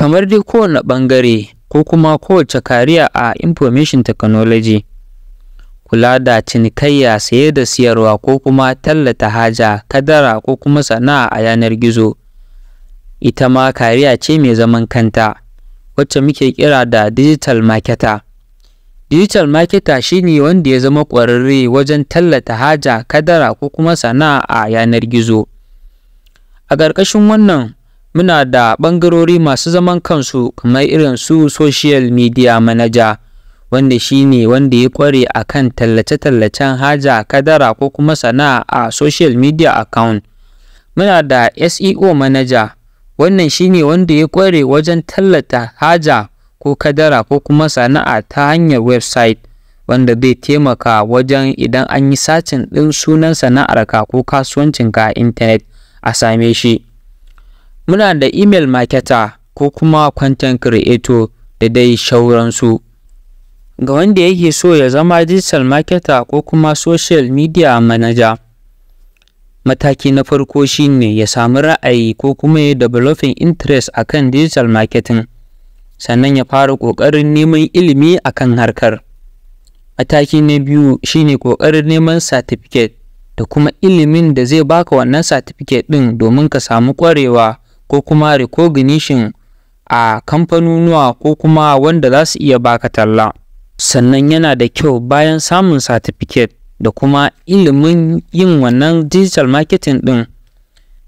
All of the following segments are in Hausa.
kamar dai kowane ɓangare ko kuma kowace kariya a information technology kula da cinikayya saye da siyarwa ko kuma tallata haja kadara ko kuma sana'a a yanar gizo ita ma kariya ce mai zaman kanta wacce muke kira da digital marketer digital marketer shine wanda ya zama ƙwararre wajen tallata haja kadara ko kuma sana'a a yanar gizo a ƙarƙashin wannan muna da ɓangarori masu zaman kansu kamar irin su social media manager wanda shi ne wanda ya kware a kan tallace-tallacen haja kadara ko kuma sana'a a social media account muna da seo manager wannan shi ne wanda ya kware wajen tallata haja ko kadara ko kuma sana'a ta hanyar website wanda zai taimaka wajen idan an yi sacin ɗin sunan sana'arka ko kasuwancinka a intanet a same shi muna da email marketer ko kuma content creator da dai shauransu ga wanda yake so ya zama digital marketer ko kuma social media manager mataki na farko shine ya samu ra'ayi ko kuma ya developing interest akan digital marketing sannan ya fara ƙoƙarin neman ilimi akan harkar mataki na biyu shine ƙoƙarin neman certificate da kuma ilimin da zai baka wannan certificate ɗin domin ka samu ƙwarewa ko kuma recognition a kamfanunuwa ko kuma wanda za su iya baka talla sannan yana da kyau bayan samun certificate da kuma ilimin yin wannan digital marketing ɗin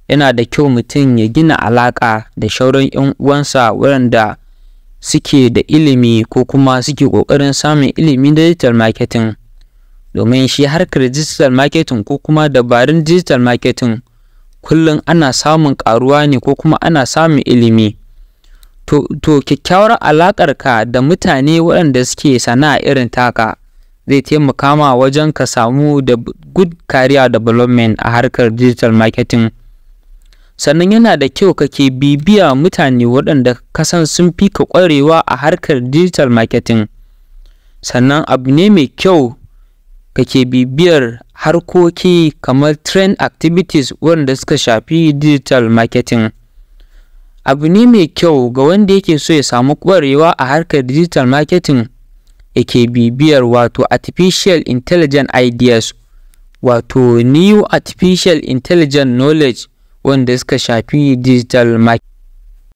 yana da kyau mutum ya gina alaƙa da shauran 'yan uwansa waɗanda suke da ilimi ko kuma suke ƙoƙarin samun ilimin digital marketing domin shi harkar digital marketing ko kuma dabarun digital marketing kullum ana samun ƙaruwa ne ko kuma ana samun ilimi to, to kyakkyawar alaƙarka da mutane waɗanda suke sana'a irin taka zai taimaka ma wajen ka samu da good career development a harkar digital marketing sannan yana da kyau kake bibiya mutane waɗanda kasan sun fi ka ƙwarewa a harkar digital marketing sannan abu ne mai kyau kake bibiyar harkoki kamar trend activities wanda suka shafi digital marketing. Abu ne mai kyau ga wanda yake so ya samu kwarewa a harkar digital marketing yake bibiyar wato artificial intelligent ideas wato new artificial intelligent knowledge wanda suka shafi digital marketing.